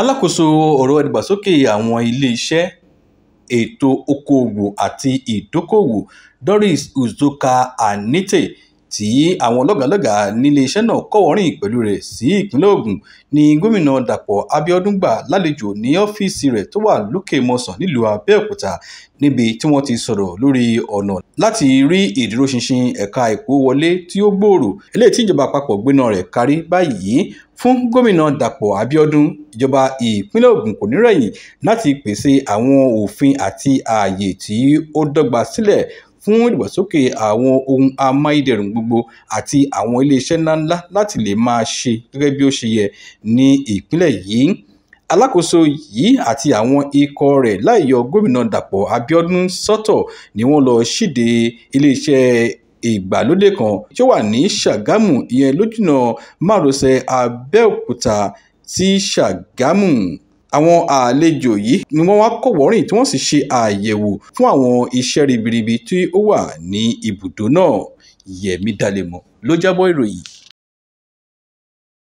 alákòóso ọ̀rọ̀ ìdàgbàsókè àwọn ilé-iṣẹ́ ètò okòòwò àti ìdókòòwò doris uzoka anite tí àwọn lọ́gàálọ́gàá níléeṣẹ́ náà kọ́wọ́rìn pẹ̀lú rẹ̀ sí ìpínlẹ̀ Ògùn ni gómìnà Dàpọ̀ Abíọ́dún gbà lálejò ní ọ́fíìsì rẹ̀ tó wà lókè mọ́sàn nílùú Abẹ́òkúta níbi tí wọ́n ti sọ̀rọ̀ lórí ọ̀nà láti rí ìdúróṣinṣin ẹ̀ka ìkó wọlé tí ó gbòòrò eléyìí tí ìjọba àpapọ̀ gbéná rẹ̀ kárí báyìí fún gómìnà Dàpọ̀ abiodun ìjọba ìpínlẹ̀ Ògùn kò ní rẹ̀yìn láti pèsè àwọn òfin àti ààyè tí ó dọ́gba sílẹ̀ fún ìdàgbàsókè àwọn ohun amáyédẹrùn gbogbo àti àwọn iléeṣẹ́ ńláńlá láti lè máa ṣe gẹ́gẹ́ bí ó ṣe yẹ ní ìpínlẹ̀ yìí alákòóso yìí àti àwọn ikọ̀ rẹ̀ láìyọ gómìnà dàpọ̀ abiodun sọ́tọ̀ ni wọ́n lọ síde iléeṣẹ́ ìgbàlódé kan tí ó wà ní ṣàgámù ìyẹn lójúnà márosẹ̀ abẹ́òkúta sí ṣàgámù àwọn àlejò yìí ni wọ́n wá kọ̀wọ́rìn tí wọ́n sì ṣe àyẹ̀wò fún àwọn iṣẹ́ ribiribi tí ó wà ní ibùdó náà yẹmi dalemo ló jábọ̀ ìròyìn